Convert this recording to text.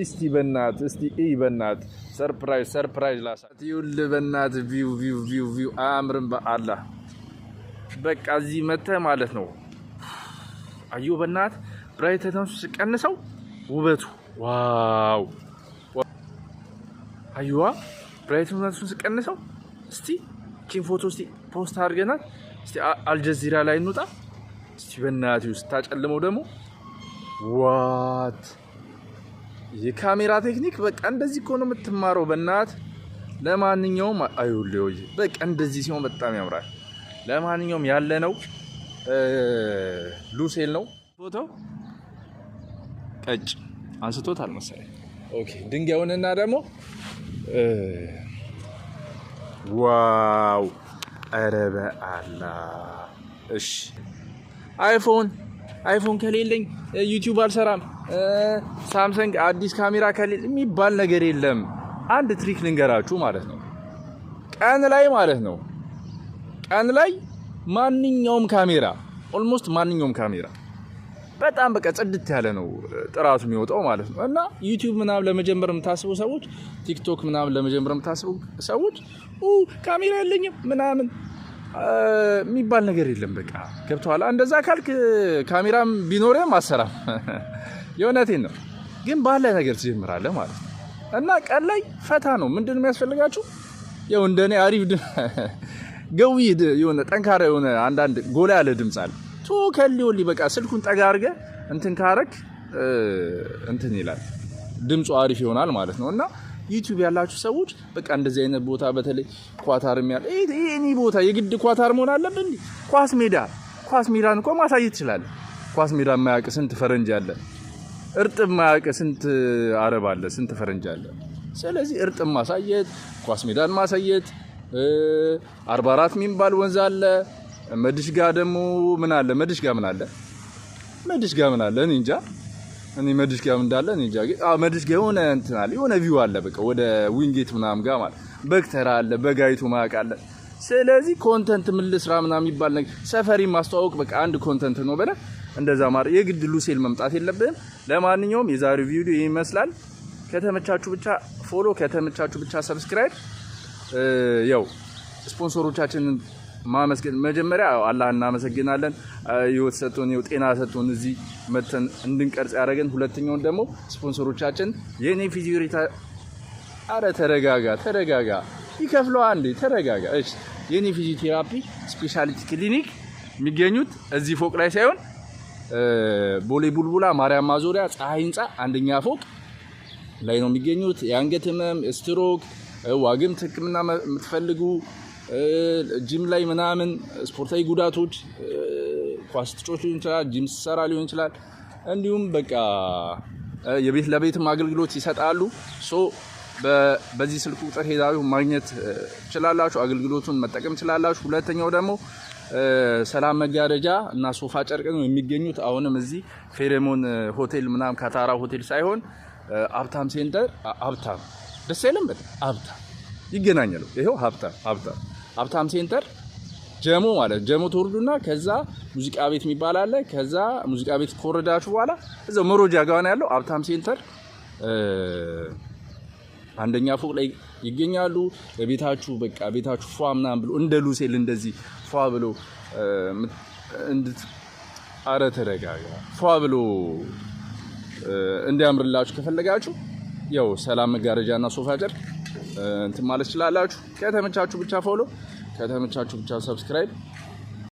እስቲ በናት እስቲ እይ በናት ሰርፕራይዝ ሰርፕራይዝ ላሳት ይውል በናት ቪው ቪው ቪው ቪው አያምርም? በአላ በቃ እዚህ መተህ ማለት ነው። አዩ በናት ብራይተተንሱ ስቀንሰው ውበቱ ዋው አዩዋ ብራይትነቱን ስቀንሰው እስቲ ቺን ፎቶ እስቲ ፖስት አድርገናት እስቲ አልጀዚራ ላይ እንውጣ እስቲ በናት ስታጨልመው ደግሞ ዋት የካሜራ ቴክኒክ በቃ እንደዚህ እኮ ነው የምትማረው በእናት ለማንኛውም አዩልዮ በቃ እንደዚህ ሲሆን በጣም ያምራል። ለማንኛውም ያለነው ሉሴል ነው ፎቶ ቀጭ አንስቶት አልመሰለኝ። ኦኬ ድንጋዩንና ደግሞ ዋው ኧረ እሺ አይፎን አይፎን ከሌለኝ ዩቲዩብ አልሰራም፣ ሳምሰንግ አዲስ ካሜራ ከሌለ የሚባል ነገር የለም። አንድ ትሪክ ልንገራችሁ ማለት ነው። ቀን ላይ ማለት ነው፣ ቀን ላይ ማንኛውም ካሜራ ኦልሞስት ማንኛውም ካሜራ በጣም በቃ ጽድት ያለ ነው ጥራቱ የሚወጣው ማለት ነው። እና ዩቲዩብ ምናምን ለመጀመር የምታስቡ ሰዎች፣ ቲክቶክ ምናምን ለመጀመር የምታስቡ ሰዎች ካሜራ የለኝም ምናምን የሚባል ነገር የለም። በቃ ገብተኋላ። እንደዛ ካልክ ካሜራም ቢኖርም አሰራም። የእውነቴን ነው። ግን ባለ ነገር ትጀምራለ ማለት ነው። እና ቀን ላይ ፈታ ነው። ምንድን የሚያስፈልጋችሁ ያው እንደኔ አሪፍ ገዊ የሆነ ጠንካራ የሆነ አንዳንድ ጎላ ያለ ድምፅ አለ። ቶ ከሊወሊ በቃ ስልኩን ጠጋ አድርገ እንትን ካረክ እንትን ይላል ድምፁ አሪፍ ይሆናል ማለት ነው እና ዩቲዩብ ያላችሁ ሰዎች በቃ እንደዚህ አይነት ቦታ በተለይ ኳታር ያለ ይህኒ ቦታ የግድ ኳታር መሆን አለብ አለብን። ኳስ ሜዳ ኳስ ሜዳን እንኳ ማሳየት ትችላለን። ኳስ ሜዳ የማያውቅ ስንት ፈረንጅ አለ። እርጥብ የማያውቅ ስንት አረብ አለ፣ ስንት ፈረንጅ አለ። ስለዚህ እርጥብ ማሳየት፣ ኳስ ሜዳን ማሳየት። አርባ አራት የሚባል ወንዝ አለ። መድሽጋ ደግሞ ምን አለ? መድሽጋ ምን አለ? መድሽጋ ምን አለ? እኔ እንጃ። እኔ መድሽ መድሽቂያም እንዳለ እኔ ጃጌ አዎ መድሽቂያ የሆነ እንትን አለ የሆነ ቪው አለ። በቃ ወደ ዊንጌት ምናምን ጋር ማለት በግ ተራ አለ፣ በጋይቱ ማቅ አለ። ስለዚህ ኮንተንት ምን ስራ ምናምን የሚባል ነገር ሰፈሪ ማስተዋወቅ በቃ አንድ ኮንተንት ነው በለ እንደዛ ማድረግ የግድ ሉሴል መምጣት የለብህም። ለማንኛውም የዛሬው ቪዲዮ ይመስላል። ከተመቻቹ ብቻ ፎሎ፣ ከተመቻቹ ብቻ ሰብስክራይብ። ያው ስፖንሰሮቻችንን ማመስገን መጀመሪያ አላህ እናመሰግናለን። ህይወት ሰጥቶን ይኸው ጤና ሰጥቶን እዚህ መተን እንድንቀርጽ ያደረገን። ሁለተኛውን ደግሞ ስፖንሰሮቻችን የኔ ፊዚዮሪታ አረ ተረጋጋ ተረጋጋ፣ ይከፍለዋ እንዴ ተረጋጋ። እሺ የኔ ፊዚዮቴራፒ ስፔሻሊቲ ክሊኒክ የሚገኙት እዚህ ፎቅ ላይ ሳይሆን ቦሌ ቡልቡላ ማርያም ማዞሪያ ፀሐይ ህንፃ አንደኛ ፎቅ ላይ ነው የሚገኙት። የአንገት ህመም፣ ስትሮክ፣ ዋግምት ህክምና የምትፈልጉ ጂም ላይ ምናምን ስፖርታዊ ጉዳቶች ኳስ ትጮች ሊሆን ይችላል፣ ጂም ሲሰራ ሊሆን ይችላል። እንዲሁም በቃ የቤት ለቤትም አገልግሎት ይሰጣሉ። ሶ በዚህ ስልክ ቁጥር ሄዳችሁ ማግኘት ትችላላችሁ፣ አገልግሎቱን መጠቀም ትችላላችሁ። ሁለተኛው ደግሞ ሰላም መጋረጃ እና ሶፋ ጨርቅ ነው የሚገኙት። አሁንም እዚህ ፌሬሞን ሆቴል ምናምን ካታራ ሆቴል ሳይሆን አብታም ሴንተር አብታም ደስ አይልም? አብታም ይገናኛሉ። ይሄው ሀብታም ሀብታም ሀብታም ሴንተር ጀሞ ማለት ጀሞ ትወርዱና ከዛ ሙዚቃ ቤት የሚባል አለ። ከዛ ሙዚቃ ቤት ከወረዳችሁ በኋላ እዛው መሮጃ ጋር ያለው ሀብታም ሴንተር አንደኛ ፎቅ ላይ ይገኛሉ። ቤታችሁ በቃ ቤታችሁ ፏ ምናምን ብሎ እንደ ሉሴል እንደዚህ ፏ ብሎ አረ ተረጋጋ ፏ ብሎ እንዲያምርላችሁ ከፈለጋችሁ ያው ሰላም መጋረጃ እና ሶፋ ጨርቅ እንትን ማለት ትችላላችሁ። ከተመቻችሁ ብቻ ፎሎ፣ ከተመቻችሁ ብቻ ሰብስክራይብ